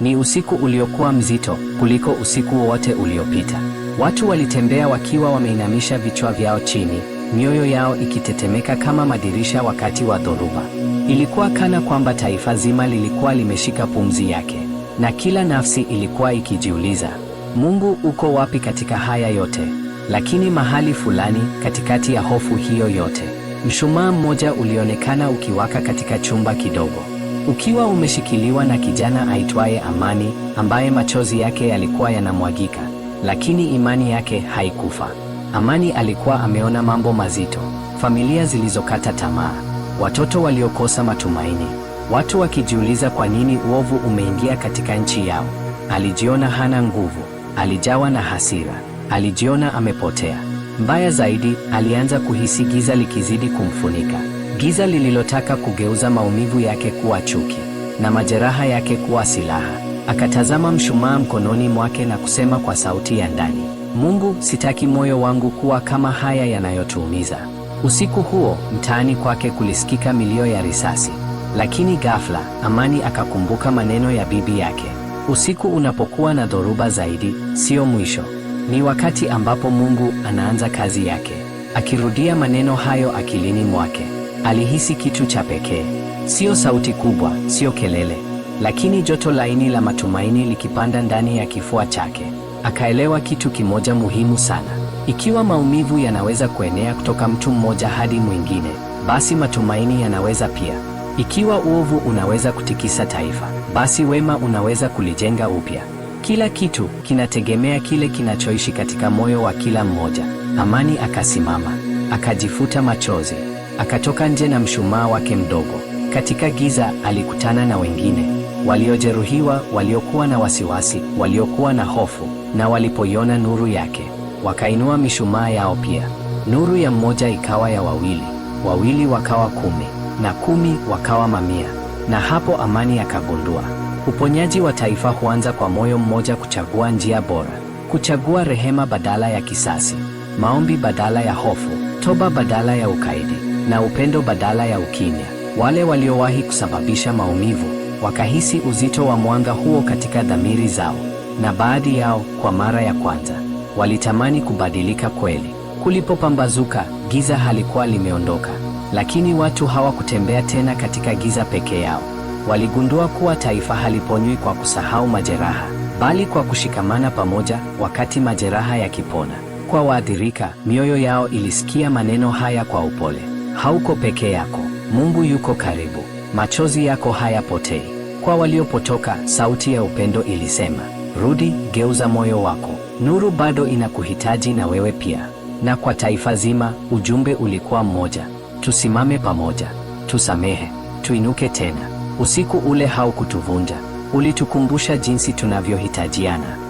Ni usiku uliokuwa mzito kuliko usiku wowote uliopita. Watu walitembea wakiwa wameinamisha vichwa vyao chini, mioyo yao ikitetemeka kama madirisha wakati wa dhoruba. Ilikuwa kana kwamba taifa zima lilikuwa limeshika pumzi yake, na kila nafsi ilikuwa ikijiuliza, Mungu uko wapi katika haya yote? Lakini mahali fulani katikati ya hofu hiyo yote, mshumaa mmoja ulionekana ukiwaka katika chumba kidogo ukiwa umeshikiliwa na kijana aitwaye Amani ambaye machozi yake yalikuwa yanamwagika, lakini imani yake haikufa. Amani alikuwa ameona mambo mazito, familia zilizokata tamaa, watoto waliokosa matumaini, watu wakijiuliza kwa nini uovu umeingia katika nchi yao. Alijiona hana nguvu, alijawa na hasira, alijiona amepotea. Mbaya zaidi, alianza kuhisi giza likizidi kumfunika giza lililotaka kugeuza maumivu yake kuwa chuki na majeraha yake kuwa silaha. Akatazama mshumaa mkononi mwake na kusema kwa sauti ya ndani, Mungu, sitaki moyo wangu kuwa kama haya yanayotuumiza. Usiku huo mtaani kwake kulisikika milio ya risasi, lakini ghafla Amani akakumbuka maneno ya bibi yake, usiku unapokuwa na dhoruba zaidi, sio mwisho, ni wakati ambapo Mungu anaanza kazi yake. Akirudia maneno hayo akilini mwake. Alihisi kitu cha pekee, sio sauti kubwa, sio kelele, lakini joto laini la matumaini likipanda ndani ya kifua chake. Akaelewa kitu kimoja muhimu sana: ikiwa maumivu yanaweza kuenea kutoka mtu mmoja hadi mwingine, basi matumaini yanaweza pia. Ikiwa uovu unaweza kutikisa taifa, basi wema unaweza kulijenga upya. Kila kitu kinategemea kile kinachoishi katika moyo wa kila mmoja. Amani akasimama, akajifuta machozi akatoka nje na mshumaa wake mdogo. Katika giza alikutana na wengine waliojeruhiwa, waliokuwa na wasiwasi, waliokuwa na hofu, na walipoiona nuru yake wakainua mishumaa yao pia. Nuru ya mmoja ikawa ya wawili, wawili wakawa kumi, na kumi wakawa mamia. Na hapo Amani akagundua uponyaji wa taifa huanza kwa moyo mmoja, kuchagua njia bora, kuchagua rehema badala ya kisasi, maombi badala ya hofu, toba badala ya ukaidi na upendo badala ya ukimya. Wale waliowahi kusababisha maumivu wakahisi uzito wa mwanga huo katika dhamiri zao, na baadhi yao kwa mara ya kwanza walitamani kubadilika kweli. Kulipopambazuka, giza halikuwa limeondoka, lakini watu hawakutembea tena katika giza peke yao. Waligundua kuwa taifa haliponywi kwa kusahau majeraha, bali kwa kushikamana pamoja wakati majeraha yakipona. Kwa waathirika, mioyo yao ilisikia maneno haya kwa upole hauko peke yako, Mungu yuko karibu, machozi yako hayapotei. Kwa waliopotoka, sauti ya upendo ilisema, rudi, geuza moyo wako, nuru bado inakuhitaji na wewe pia. Na kwa taifa zima, ujumbe ulikuwa mmoja: tusimame pamoja, tusamehe, tuinuke tena. Usiku ule haukutuvunja, ulitukumbusha jinsi tunavyohitajiana.